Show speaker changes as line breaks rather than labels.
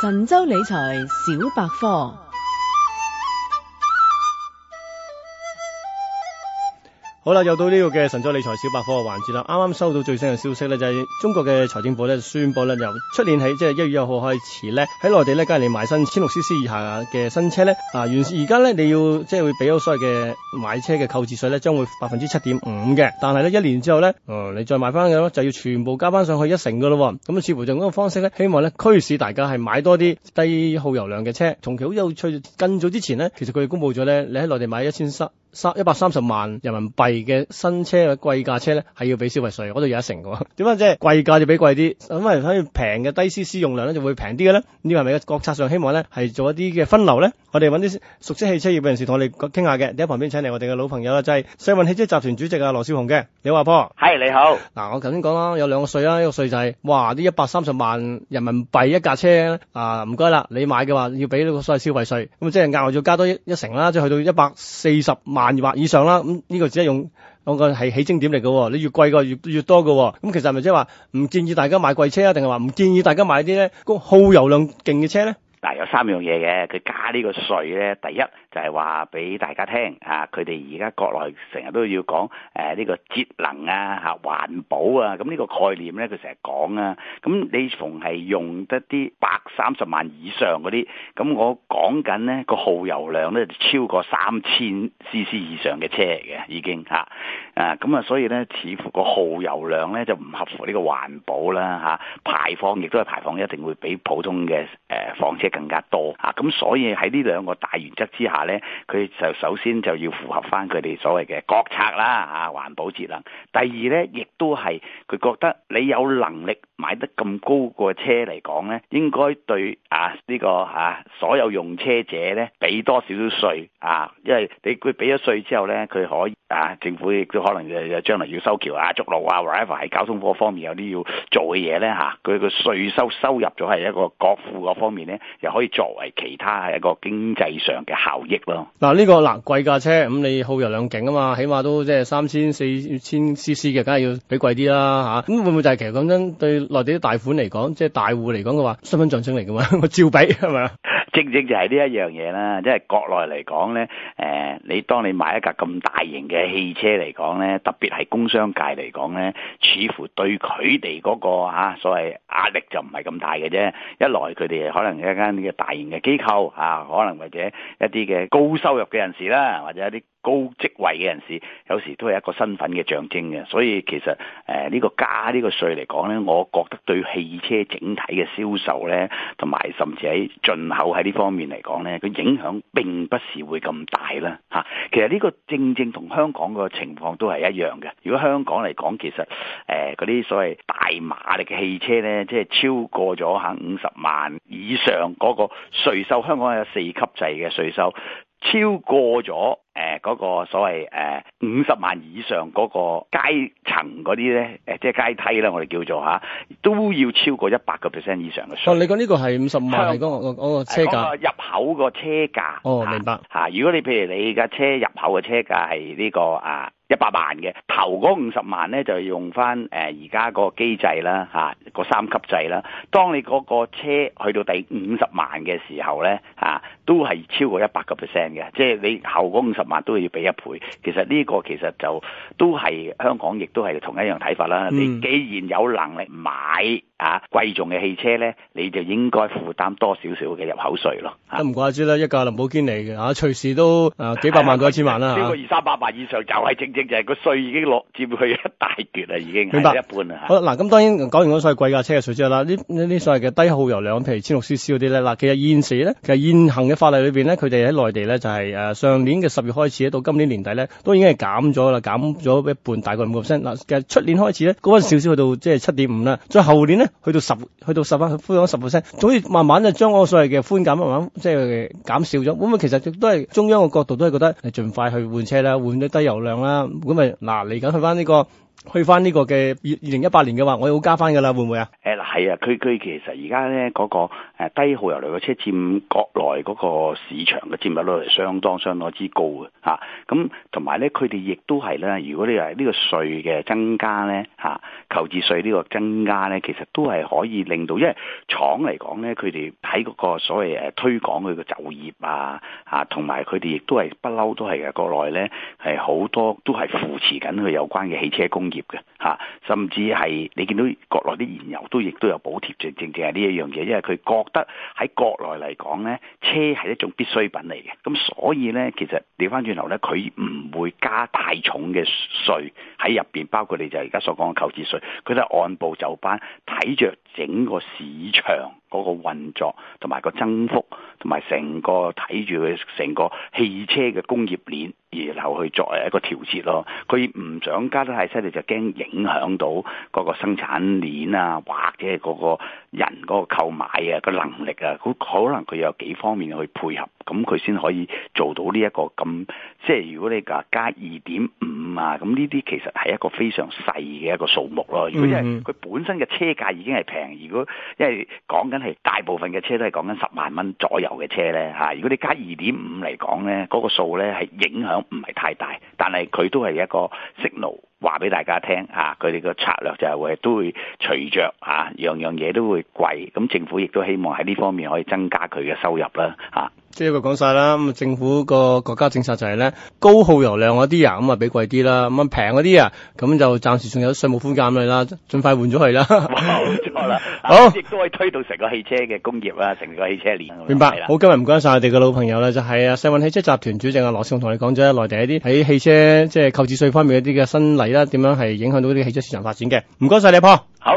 神州理財小百科。好啦，又到呢個嘅神州理財小百科嘅環節啦。啱啱收到最新嘅消息咧，就係、是、中國嘅財政部咧宣布咧，由出年起，即係一月一號開始咧，喺內地咧，假如你買新千六 CC 以下嘅新車咧，啊、呃，而而家咧你要即係會俾咗所謂嘅買車嘅購置稅咧，將會百分之七點五嘅。但係咧一年之後咧，哦、嗯，你再買翻嘅咯，就要全部加翻上去一成噶咯、哦。咁似乎就咁嘅方式咧，希望咧驅使大家係買多啲低耗油量嘅車。同期好有趣，更早之前咧，其實佢哋公佈咗咧，你喺內地買一千三。三一百三十萬人民幣嘅新車嘅貴價車咧，係要俾消費稅，嗰度有一成嘅。點解即係貴價就俾貴啲，咁咪反而平嘅低 CC 用量咧就會平啲嘅咧？呢個係咪個國策上希望咧係做一啲嘅分流咧？我哋揾啲熟悉汽車業嘅人士同我哋傾下嘅。你喺旁邊請嚟我哋嘅老朋友啦，就係、是、世運汽車集團主席啊羅少雄嘅，你好阿婆。係你好。嗱、啊、我頭先講啦，有兩個稅啦，一個稅就係、哇呢一百三十萬人民幣一架車啊，唔該啦，你買嘅話要俾呢個所謂消費稅，咁即係額外要加多一,一成啦，即係去到一百四十萬。萬或以上啦，咁、這、呢個只係用我、這個係起徵點嚟噶，你越貴個越越多噶，咁其實咪即係話唔建議大家買貴車啊，定係話唔建議大家買啲咧個耗油量勁嘅車咧？但係，有三樣嘢嘅，佢加
呢個稅咧，第一就係話俾大家聽啊，佢哋而家國內成日都要講誒呢、啊這個節能啊吓、啊、環保啊，咁、這、呢個概念咧佢成日講啊，咁你逢係用得啲白。三十萬以上嗰啲，咁我講緊呢個耗油量咧超過三千 cc 以上嘅車嚟嘅已經吓，誒咁啊、嗯，所以呢，似乎個耗油量呢就唔合乎呢個環保啦吓、啊，排放亦都係排放一定會比普通嘅，誒、呃、房車更加多啊，咁、嗯、所以喺呢兩個大原則之下呢，佢就首先就要符合翻佢哋所謂嘅國策啦吓、啊，環保節能，第二呢，亦都係佢覺得你有能力。買得咁高個車嚟講咧，應該對啊呢、呢個吓、啊、所有用車者咧，俾多少少稅啊，因為你佢俾咗稅之後咧，佢可以啊政府亦都可能誒誒，將來要修橋啊、築路啊或者 a 係交通嗰方面有啲要做嘅嘢咧吓，佢、啊、個稅收收入咗係一個國庫嗰方面咧，又可以作為其他係一個經濟上嘅效益咯。
嗱呢、呢個嗱貴架車，咁你耗油量勁啊嘛，起碼都即係三千四千 c c 嘅，梗係要俾貴啲啦吓。咁、啊、會唔會就係其實講真對？內地啲大款嚟講，即係大戶嚟講嘅話，身份象徵嚟㗎嘛，我照俾係咪啊？
正正就係呢一樣嘢啦，即係國內嚟講咧，誒、呃、你當你買一架咁大型嘅汽車嚟講咧，特別係工商界嚟講咧，似乎對佢哋嗰個嚇、啊、所謂壓力就唔係咁大嘅啫。一來佢哋可能一間呢個大型嘅機構啊，可能或者一啲嘅高收入嘅人士啦、啊，或者一啲高職位嘅人士，有時都係一個身份嘅象徵嘅。所以其實誒呢、呃呢個加個呢個稅嚟講咧，我覺得對汽車整體嘅銷售咧，同埋甚至喺進口係。喺呢方面嚟講呢，佢影響並不是會咁大啦嚇。其實呢個正正同香港個情況都係一樣嘅。如果香港嚟講，其實誒嗰啲所謂大馬力嘅汽車呢，即係超過咗嚇五十萬以上嗰個稅收，香港係有四級制嘅稅收，超過咗。誒，嗰、呃那個所謂誒五十萬以上嗰個階層嗰啲咧，誒、呃、即係階梯啦，我哋叫做吓、啊，都要超過一百個 percent 以上嘅
數、哦。你講呢個係五十萬，你嗎、啊那個車、啊那個、
入口個車價。
哦，明白。
吓、啊，如果你譬如你架車入口嘅車價係呢個啊。一百萬嘅，頭嗰五十萬咧就用翻誒而家嗰個機制啦，嚇、啊、個三級制啦。當你嗰個車去到第五十萬嘅時候咧，嚇、啊、都係超過一百個 percent 嘅，即係你頭嗰五十萬都要俾一倍。其實呢個其實就都係香港亦都係同一樣睇法啦。你既然有能力買，啊，貴重嘅汽車咧，你就應該負擔多少少嘅入口稅咯。
都唔怪之啦，一架林寶堅尼嘅嚇，隨時都誒、啊、幾百萬到一千萬啦，超、啊、過二
三百萬以上就係、是、正正就係個稅已經落佔去一大橛啦，已經白一半啦。
好啦，嗱咁當然講完嗰啲所謂貴價車嘅稅之後啦，呢呢呢所謂嘅低耗油量，譬如千六 cc 嗰啲咧，嗱其實現時咧，其實現行嘅法例裏邊咧，佢哋喺內地咧就係、是、誒上年嘅十月開始到今年年底咧，都已經係減咗啦，減咗一半，大概五個 percent。嗱，其實出年開始咧，嗰陣少少去到即係七點五啦，所以後年咧。去到十，去到十分，去恢復翻十 percent，總之慢慢就將我所謂嘅寬減，慢慢即係減少咗。咁咪其實亦都係中央嘅角度都係覺得，誒，盡快去換車啦，換咗低油量啦。咁咪嗱嚟緊去翻呢個。去翻呢個嘅二二零一八年嘅話，我會加翻噶啦，會唔會、哎、啊？誒嗱
係啊，佢佢其實而家咧嗰個誒低耗油量嘅車占國內嗰個市場嘅佔有率係相當相當之高嘅吓，咁同埋咧佢哋亦都係咧，如果你係呢個稅嘅增加咧吓，購、啊、置稅呢個增加咧，其實都係可以令到，因為廠嚟講咧，佢哋喺嗰個所謂誒推廣佢嘅就業啊吓，同埋佢哋亦都係不嬲都係嘅，國內咧係好多都係扶持緊佢有關嘅汽車工。業嘅吓，甚至係你見到國內啲燃油都亦都有補貼，正正正係呢一樣嘢，因為佢覺得喺國內嚟講咧，車係一種必需品嚟嘅。咁所以咧，其實調翻轉頭咧，佢唔會加太重嘅稅喺入邊，包括你就係而家所講嘅購置稅，佢都係按部就班，睇着整個市場。嗰個運作同埋個增幅，同埋成個睇住佢成個汽車嘅工業鏈，然後去作為一個調節咯。佢唔想加得太犀利，就驚影響到嗰個生產鏈啊，或者係、那、嗰個。人嗰個購買啊，個能力啊，佢可能佢有幾方面去配合，咁佢先可以做到呢、這、一個咁。即係如果你加二點五啊，咁呢啲其實係一個非常細嘅一個數目咯。如果因為佢本身嘅車價已經係平，如果因為講緊係大部分嘅車都係講緊十萬蚊左右嘅車咧嚇、啊，如果你加二點五嚟講咧，嗰、那個數咧係影響唔係太大，但係佢都係一個 signal 話俾大家聽嚇，佢哋個策略就係會都會隨着嚇、啊、樣樣嘢都會。貴，咁政府亦都希望喺呢方面可以增加佢嘅收入啦，吓
即係一個講晒啦。咁政府個國家政策就係咧，高耗油量嗰啲啊，咁啊俾貴啲啦。咁平嗰啲啊，咁就暫時仲有稅務寬減啦，盡快換咗佢啦。啦，好亦
都可以推到成個汽車嘅工業啊，成個汽車鏈。
明白。的好，今日唔該晒我哋嘅老朋友啦，就係啊世運汽車集團主席啊羅少同你講咗內地一啲喺汽車即係購置稅方面一啲嘅新例啦，點樣係影響到啲汽車市場發展嘅。唔該晒你啊，波。好。